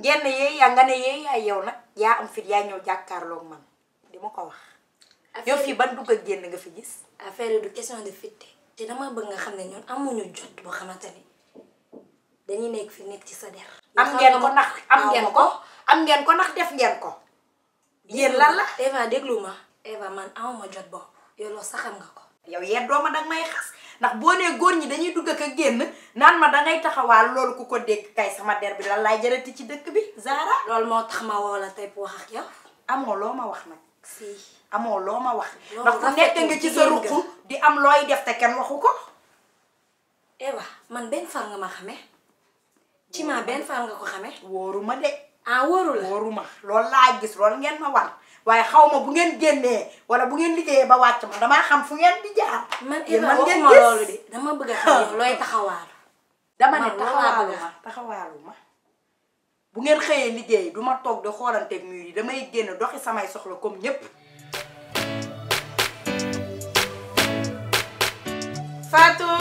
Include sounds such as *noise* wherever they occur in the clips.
genn yee yaa nga ne yee yaay yow nag yaa am fit yaa ñëw jàkkaarloog man li ma ko wax. yow fii ban dugg ak génn nga fi gis. affaire du question de fit te dama bëgg nga xam ne ñun amuñu jot boo xamante ni dañuy nekk fi nekk ci sa der. am ngeen ko ndax am ngeen ko am ngeen ko ndax def ngeen ko. yéen lan la Eva déglu ma Eva man amuma jot boobu yow loolu saxam nga ko. yow yeddoo ma danga may xas. ndax boo nee góor ñi dañuy dugg ak a génn naan ma dangay taxawaal loolu ku ko dégg kay sama der bi lan laay ci dëkk bi Zahra. loolu moo tax ma woo la tey wax ak yow. amoo loo ma wax nag. si amoo loo ma wax. ndax ku nekk nga ci sa ruq di am looy def te kenn waxu ko. ewa man benn far nga ma xamee. ci ma benn far nga ko xamee. wóoru ma de. ah wóoru la loolu laa gis loolu ngeen ma war waaye xaw ma bu ngeen génnee wala bu ngeen liggéeyee ba wàcc ma damaa xam fu ngeen di jaar. man Eva waxuma loolu de bëgg a xam looy taxawaalu. dama ne taxawaalu ma bu ngeen xëyee liggéey du ma toog di xoolanteeg mur yi damay génn doxi samay soxla comme ñépp Fatou.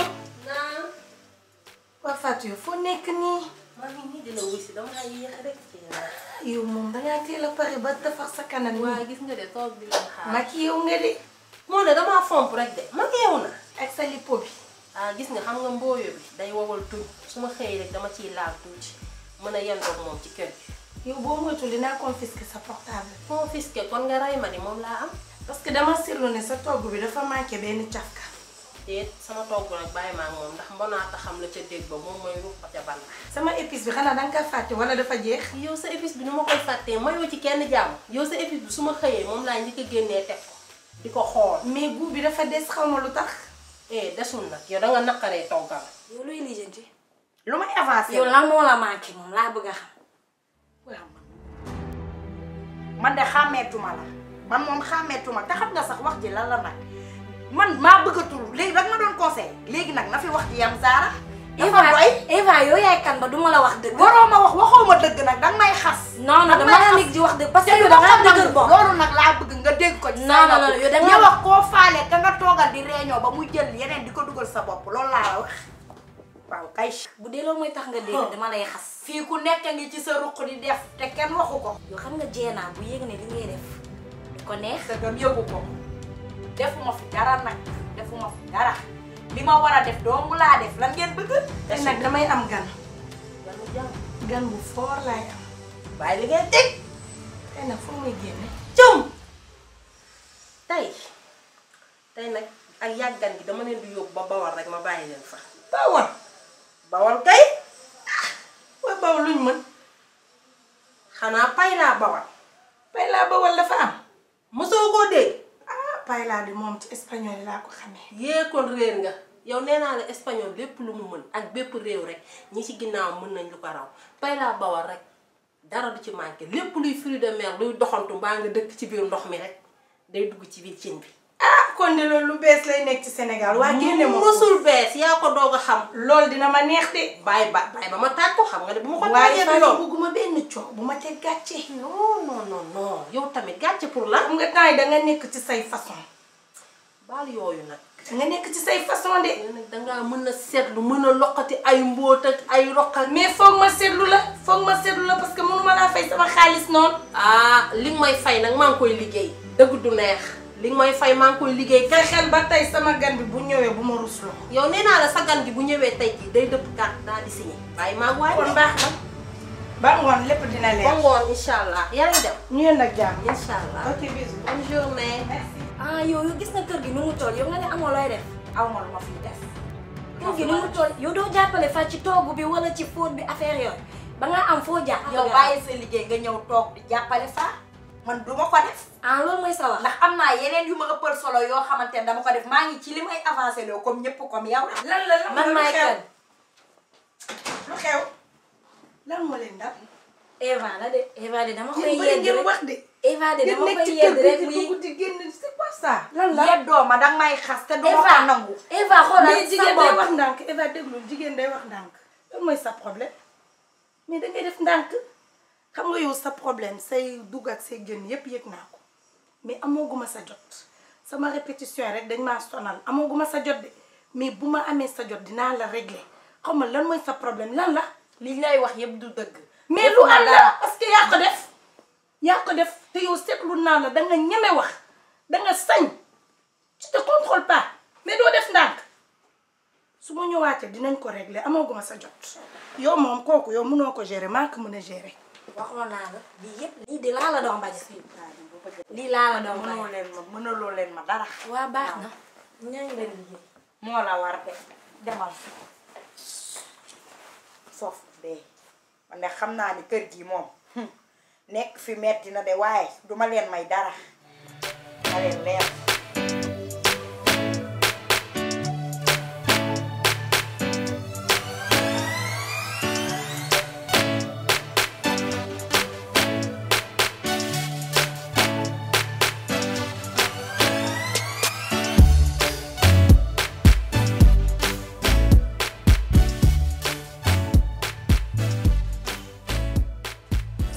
naam. foo nekk nii. man mii si ah, dama lay yéex yow moom dangaa teel a pare ba defar sa kanam yi. gis nga de toog bi la xaar. ma ki yow nga de. moo ne damaa fomp rek de ma yeewu na. ak sa lipo bi. ah gis nga xam nga mbooyo bi day wowal tuñ su ma xëyee rek dama ciy laal tuuti mën a yendoog moom ci kër gi. yow boo moytuwul dinaa confisquer sa portable. confisquer kon nga ray ma ni moom laa am. parce que dama seetlu ne sa togg bi dafa manqué benn cafka. te sama togg nag bàyyi ma ak moom ndax mbonaata xam la ca dégg ba moom mooy ruux ko ca ban sama épice bi xanaa danga kaa fàtte wala dafa jeex yow sa épice bi nu ma koy fàttee mayoo ci kenn jàmm yow sa su ma xëyee moom laa njëkk a génnee teg di ko xool mais bi dafa des xaw lu tax eh desul nag yow danga naqaree toggal yow luy lijjanti lu may avancé yow lan moo la manqué moom laa bëgg a xam man de xàmmeetuma la man moom xàmmeetuma te xam nga sax wax ji lan la nag man maa bëggatul léegi rek ma doon conseil léegi nag na fi wax ji yam Zara. dafa doy Eva yow yaay kan ba du la wax dëgg. waroo wax waxoo dëgg nag danga may xas. non non dama wax parce que da nga nga dégg ko. ci sa bopp yow koo faale ka nga toogal di réunion ba muy jël yeneen di ko dugal sa bopp loolu laa wax waaw kay. bu dee loolu mooy tax nga dégg dama lay xas. fii ku nekk ngi ci sa ruq di def te kenn waxu ko. yoo xam nga jéenaa bu yéeg ne li ngay def ko neex. dëggam yëgu ko. defuma fi dara nag defuma fi dara li ma war a def doomu laa def lan ngeen bëgg. te nag damay am gan. gan bu foor laay am. waaye li ngeen teg. tey nag foo muy génne. jëm tey tey nag ak yàggan gi dama leen di yóbbu ba bawal rek ma bàyyi leen fa. bawal bawal kay ah waaye luñ mën xanaa pay laa bawal. pay laa bawal dafa am. paay bi moom ci espagnol yi laa ko xamee. yee kon réer nga yow nee naa la espagnol lépp lu mu mën ak bépp réew rek ñi ci ginnaaw mën nañ lu ko raw paay laa rek dara du ci manqué lépp luy fruit de mer luy doxantu mbaa nga dëkk ci biir ndox mi rek day dugg ci biir cin bi. kon ne loolu lu bees lay nekk ci Sénégal waa génne ma bees yaa ko doog a xam loolu dina ma neex de bàyyi ba bàyyi ba ma taaj ko xam nga de bu ma ko taajee du yoon bugguma bu ma teg gàcce non non tamit gàcce pour la xam nga temps yi danga nekk ci say façon baal yooyu nag nga nekk ci say façon de dangaa mën a seetlu mën a loqati ay mbóot ak ay roqal mais foog ma seetlu la foog ma seetlu la parce que ma laa fay sama xaalis noonu ah li may fay nag maa ngi koy liggéey dëgg du neex li nga may fay maa ngi koy liggéey fexeel ba tey sama gan bi bu ñëwee bu ma rusloo. yow nee naa la sa gan bi bu ñëwee tey jii day dëpp carte daal di signé waaye maa ngi waaye kon baax na. ba ngoon lépp dina leer ba ngoon incha allah yaa ngi dem. ñu yéen ak jàmm incha allah. ok bisous bonne journée. merci. ah yow yow gis na kër gi nu mu toll yow nga ne amoo looy def. aw ma lu ma fiy def. kër gi nu mu toll yow doo jàppale fa ci toogu bi wala ci fóot bi affaire yooyu ba nga am foo jàpp. Ah, yow bàyyi sa liggéey nga ñëw toog di jàppale fa man du ma ko def. ah loolu mooy sa wax. ndax am naa yeneen yu ma ëppal solo yoo xamante ne dama ko def maa ngi ci li may avancé loo comme ñëpp comme yow. lan la lan man maay kan lu xew lan moo leen dal. Eva la de Eva de dama koy yedd rek wax de. Eva de dama koy yedd rek di génn c'est quoi ça. lan la yeddoo ma danga may xas te du ma ko nangu. Eva xoolal mais jigéen day wax ndànk Eva déglu jigéen day wax ndànk. lan mooy sa problème mais dangay def ndànk. xam nga yow sa problème say dugg ak say génn yépp yëg naa ko mais amooguma sa jot sama répétition rek dañ maa sonal amooguma sa jot de mais bu ma amee sa jot dinaa la régler xaw ma lan mooy sa problème lan la. li lay wax yépp du dëgg. mais lu am la parce que yaa ko def. yaa ko def te yow seetlu naa la da nga ñeme wax da sañ tu te contrôles pas mais doo def ndànk su ma ñëwaatee dinañ ko régler amooguma sa jot yow moom kooku yow mënoo ko gérer maa ko mën a gérer. waxoon naa la lii yëpp lii di laa la doon bañ lii laa la doon bañ mënoo leen ma mënaloo leen ma dara waa baax na ñaa ngi leen liggéey moo la war de demal soof bee man de xam naa ni kër gi moom hmm, nekk fi metti na de waaye duma leen may dara ma leen leer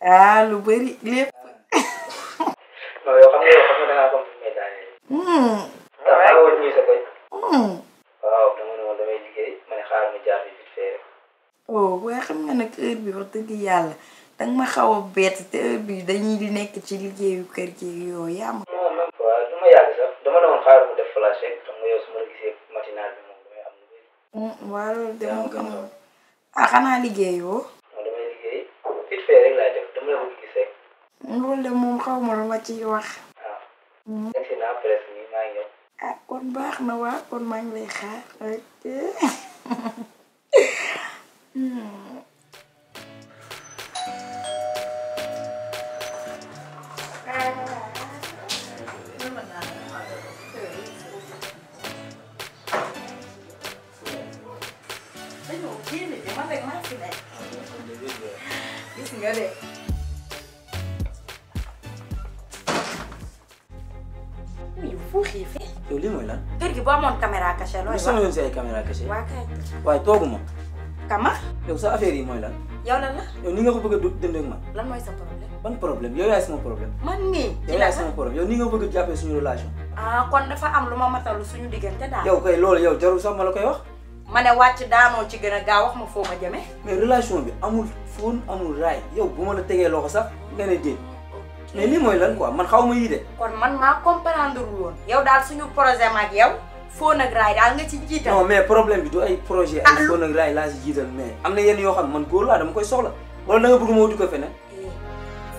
ah lu bëri lépp. non yoo xam ne yoo xam ne da ngaa ko mën a daaneel. waaw maa ngi sa koñ. waaw dama ne woon damay liggéey ma ne xaaral ma jaar fi vite fait rek. oh waaye xam nga nag heure bi wax dëgg yàlla danga ma xaw a bett bi dañuy di nekk ci liggéeyu kër gi yoo ma. non non waaw du ma yàgg sax dama ne woon xaaral mu def flash rek xam nga yow su ma gisee matinal bi moom damay am lu bëri. Hmm, waaw loolu de moom xam nga ah xanaa loolu de moom xaw ma lu ma ciy wax. ah, ah kon baax na waa kon maa lay xaar. ok. *laughs* foo xiifee. yow lii mooy lan. kër gi boo amoon caméra cachée looy wax. sama yoon si ay caméra cachée. waaw waaye toogu ma. kama. sa affaire yi mooy lan. yow lan la. yow ni nga ko bëgg du dem ak man. lan mooy sa problème. ban problème yow yaay sama problème. man nii yow yaay sama problème yow ni nga bëgg a jàppee suñu relation. ah kon dafa am lu ma matalu suñu diggante daal. yow koy loolu yow jarul sax ma la koy wax. ma ne wàcc daanoo ci gën a gaaw wax ma foo ma jëmee. mais relation bi amul fóon amul raay yow bu ma la tegee loxo sax nga ne mais lii mooy lan quoi man xaw ma yii de. kon man maa comprendre woon. yow daal suñu projet ma ak yow. phone ak raay daal nga ci jiital. non mais problème bi du ay projet. Ah, ay phone ak raay laa ci jiital mais am na yenn yoo xam ne man góor laa dama koy soxla wala da nga bëgg ma wuti ko feneen.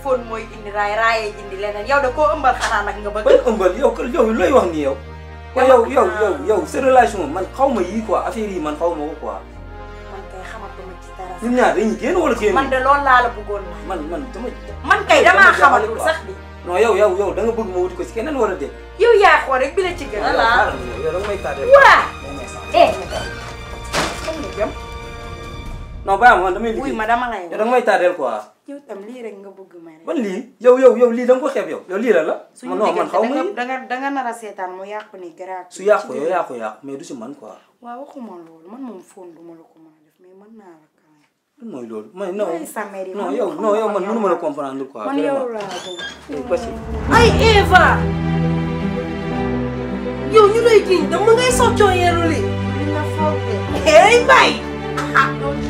phone eh, mooy indi raay raayee indi leneen yow da koo ëmbal xanaa nag nga bëgg. ban ëmbal yow yow looy wax nii yow. yow yow yow yow sa relation man xaw ma yii quoi affaire yi man xaw ma ko quoi. ñun ñaar dañuy génn wala génn. man de loolu laa la bëggoon na. man man dama. man kay damaa xamatul sax yow yow yow da nga bëgg ma wuti ko si keneen wala déet. yow yaa xool rek bi la ci gën a laal. da nga may eh, ma man damay liggéey. wuy ma dama lay wax yow nga lii rek nga bëgg ma rek. lii yow yow yow lii da ko xeeb yow. yow lii la la. suñu diggante da da nar a seetaan mu yàqu ni su yàqu yow yàqu yàqu du si man quoi. waaw waxuma loolu man moom fóon duma la ko mën a def mais mën naa mooy loolu mooy non yow non yow man mënu ma la comprendre quoi vraiment ay Eva yow ñu lay jiñ dama ngay soccoo yeeru li na faw de